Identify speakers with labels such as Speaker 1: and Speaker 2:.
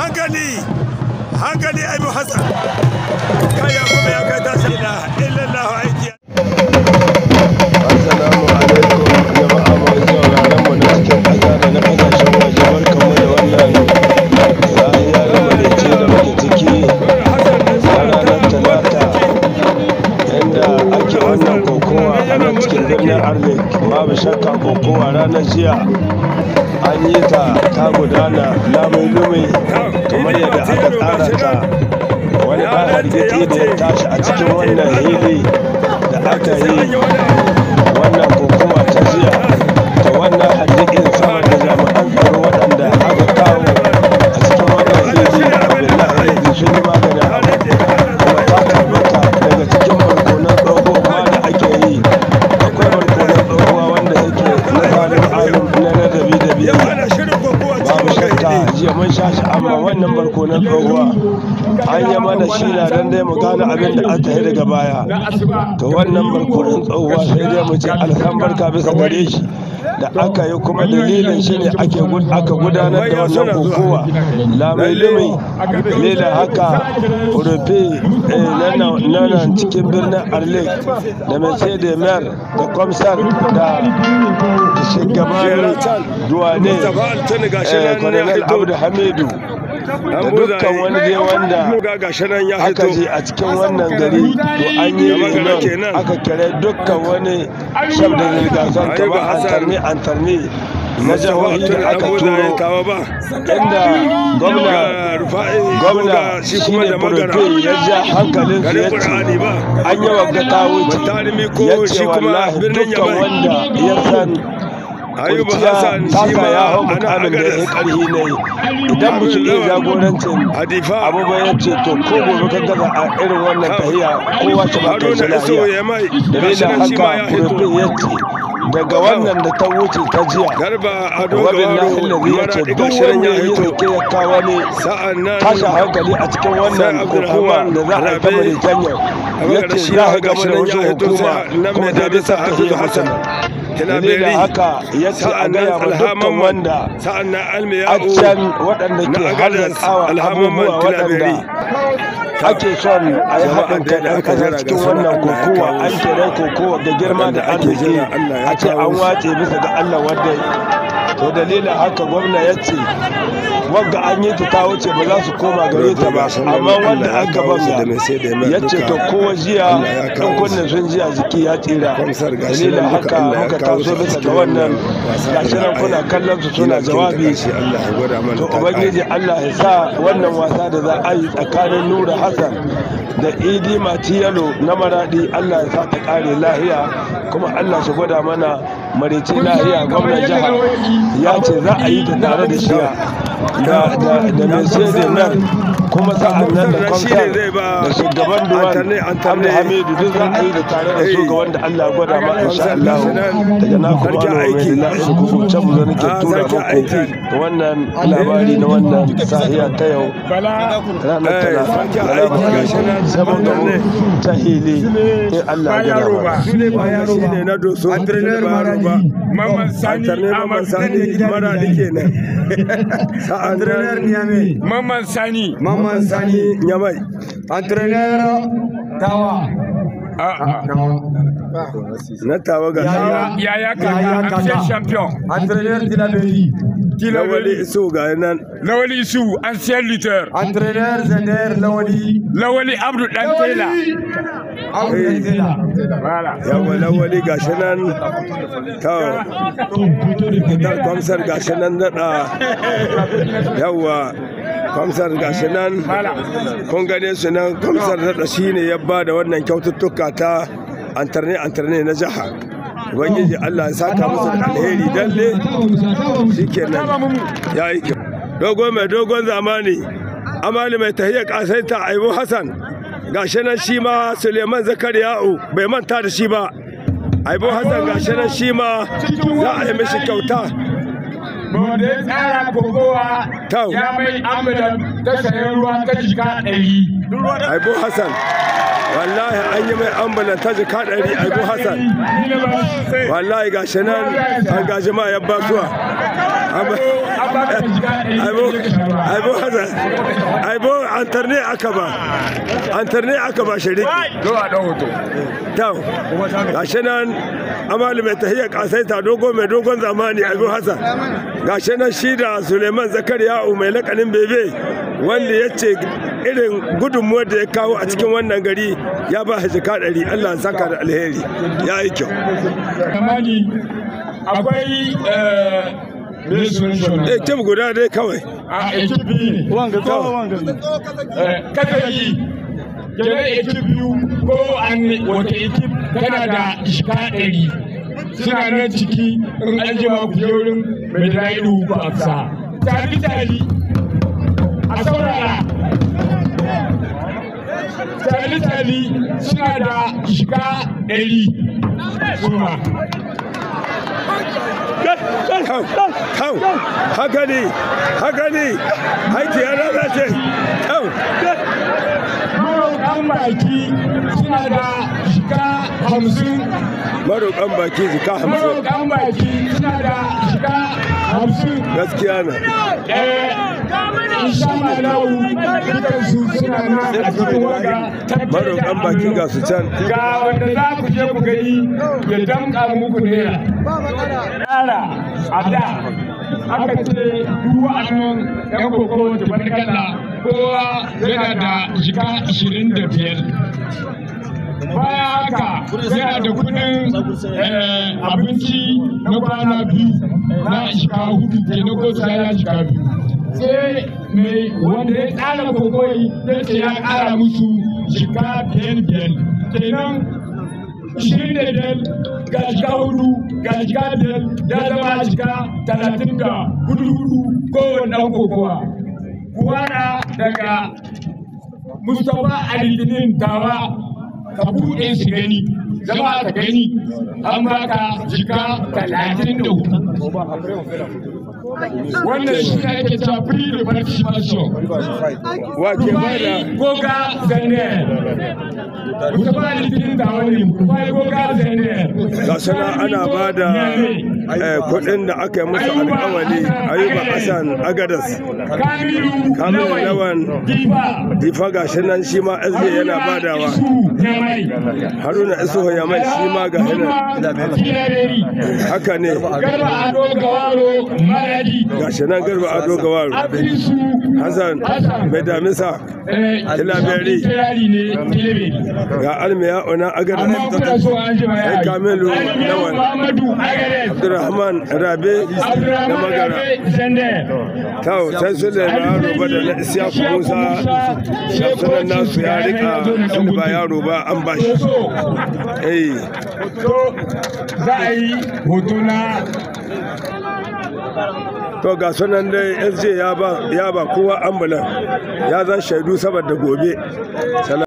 Speaker 1: hankali hankali abu hassan kaya kuma ya kai tashi kamar yadda aka tsara ta wani bayan gidi da ya tashi a cikin wannan hili da aka yi wannan hukuma ta jiya ta wannan hadikin sama da jami'an tsaro waɗanda aka kawo a cikin wannan hili abdullahi sun yi magana an yi mana shila don dai mu gane abin da aka yi daga baya ga wannan barkunan tsohuwa sai dai mu ce alhambarka bisa gare shi da aka yi kuma dalilin shi ne aka gudanar da wannan kokowa lamailimi ne da haka rufe eh, nan cikin birnin arlik da mace da mer da kwamsar da shugaban duwane abu da hamidu da dukkan wani dai wanda aka je a cikin wannan gari to an yi reunion aka kere dukkan wani shaf da zirgasan kamar antarni antarni na jihohi da aka turo inda gwamna gwamna shi ne ya ja hankalin su ya ce an yi wa gata wuce ya ce wallahi dukkan wanda ya san
Speaker 2: ayuba hassan shi ma ya hau mukamin da ya karhi ne idan mutum iya jagorancin
Speaker 1: abubuwan ya ce to ko gobe ka daga a irin wannan tahiya kowa ta ba kai sanariya da haka kurfin ya ce daga wannan da ta wuce ta jiya wabin na hillari ya ce duk wani ya yi roke ya kawo ne tashin hankali a cikin wannan hukuma da za a ta mai kenya ya ce za a gama da wata hukuma ko da bisa ta hassan talabari haka ya ce a gaya ma dukkan wanda a can waɗanda ke halarta abubuwa waɗanda
Speaker 2: ake son a yi haɗin kai
Speaker 1: ɗan kaza cikin wannan kokowa an kira kokowa da girma da arziki a ce an watse bisa ga allah wadda to dalilin haka gwamna ya ce wadda an yi ta wuce ba za su koma gare ta ba amma wanda an gaba ya ce to kowa jiya ɗan kunne sun jiya jiki ya tsira dalilin haka muka taso bisa ga wannan gashiran kuna kallon su suna jawabi to ubangiji allah ya sa wannan wasa da za a yi tsakanin Adamu Nura Hassan da Idi yalo na Maradi Allah ya sa kare lahiya kuma Allah su gwada mana marici lahiya gwamnan jihar ya ce za a yi ta tare da shiya da mai sai nan kuma sa'an nan da kwamsar da shugaban duwan abu hamidu duk za a yi da tare da shugaban da allah ma insha allah daga na kuma na su can mu zan ke ah, tura muku wannan labari na wannan sahiya ta yau ranar mu ta hili in allah ya gada na doso mamman sani sani mara nan mamman sani Maman Sani Nyamai. Entraîneur Tawa. Ah, na tawa ga yaya kaka ancien champion entraîneur Tilabeli Tilabeli su ga nan Lawali su ancien lutteur entraîneur Zender Lawali Lawali Abdul Dantela yawa lawali gashi nan kawo kamsar gashi nan daɗa yawa ga shi nan kun gane su nan kwamsar da shi ne ya ba da wannan kyaututtuka ta antarne antarne na jiha ubangiji allah ya saka musu da alheri dalle shi nan ya yi kyau dogon mai dogon zamani amali mai tahiyya ta aibu hassan ga shi nan shi ma suleiman zakariya'u bai manta da shi ba aibu hassan ga shi nan shi ma za a yi mishi kyauta wanda ya ta sayan ruwa ta Aibu an yi mai ambulan ta jika ɗari Aibu Hassan. Wallahi ga shi nan an gaji ma ya basuwa. Aibu Hassan. Aibu aka ba. aka ba shiriki. Tau. Ga shi nan amali mai tahiyar ta dogo mai dogon zamani abu hassan gashi nan shi da suleiman a mai lakanin bebe wanda ya ce irin gudunmuwar da ya kawo a cikin wannan gari ya ba shi ɗari allah saka da alheri ya yi kyau akwai eh, ekip guda dai kawai a ekip biyu kawai tsawo wanga eh, kada yi ekip biyu ko an wata ekip tana da shika ɗari suna nan ciki in an jima kujerun mai daidu ba sa tafi a saurara suna da shika ɗari suma maroƙan baki suna da shika hamsin maroƙan baki shika hamsin maroƙan baki suna da shika hamsin gaskiya eh, na maroƙan baki ga su can ga wanda za ku je ku gani ya damƙa muku naira naira a da aka ce duk wa'annan 'yan kokowa da barkalla kowa yana da jika ishirin da biyar baya haka yana da kudin eh, abinci na kwana biyu na jika hudu ke na kotu ya jika biyu sai mai wanda ya tsara kogoyi ya ce ya kara musu jika biyar biyan kenan ishirin da biyar ga jika hudu ga jika biyar ya zama jika talatin da hudu hudu kowane kokowa kuwa na daga mustapha alitinin tawa ka buɗe shi gani zama ka gani an ba ka jika talatin da hudu wannan shi ne ake cewa free da participation wa ke ba da goga zanen mustapha alitinin tawa ne goga zanen ga sana ana ba da Eh, kudin da aka yi musu alkawali ayuba Hassan, agadas Kamilu, lawan difa shi nan shi ma sd yana badawa haruna isuhu mai shi ma ga hinan haka ne shi nan garba ado gawaro hassan mai damisa eh, tilaberi ga almiya ona agadas kamilu lawan abdurrahman rabe da magara Kawo can su da yaro ba da siya isyaku musa sunan nasu ya rika inda ba yaro ba an ba shi eyi za a yi hoto na to ga sunan dai sj ya ba kowa ambulan ya zan shaidu saboda gobe